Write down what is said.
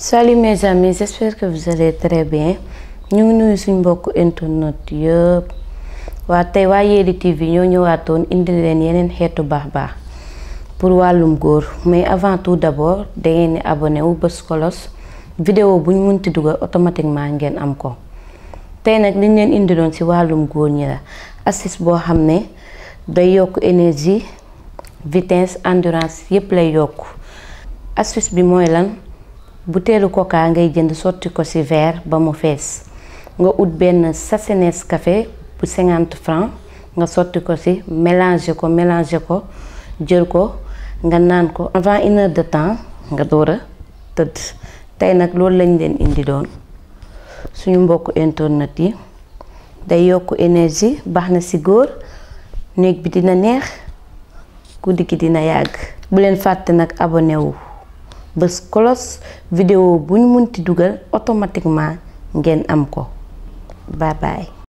Salut mes amis, j'espère que vous allez très bien ñu ngi nuyu suñ internet yëpp wa tey waa Yelli TV ñoo ñëwaatoon indi leen yenen xeetu baax-baax pour walum goor mais avant tout d'abord da ngeen ni abonné wu bës kolos vidéo buñ ñu munti automatiquement ngeen am ko tay nak liñ leen indi doon ci walum goor ñi la assise boo xam day yokk énergie vitesse endurance yépp lay yok astuce bi moy lan butéelu coca ngay jënd sotti ko ci verre ba mu fees nga ut benn sachet kafe bu 50 francs nga sotti ko ci mélanger ko mélanger ko jël ko nga naan ko avant une de temps nga door a tëdd tey nag loolu lañ leen indi doon suñu mbokk internet yi day yokk énergie baax na ci góor néeg bi dina neex guddi gi dina yàgg bu leen fàtte nag abonné wu. bës colos vidéo bu ñu munti dugal automatiquement ngeen am ko bye bye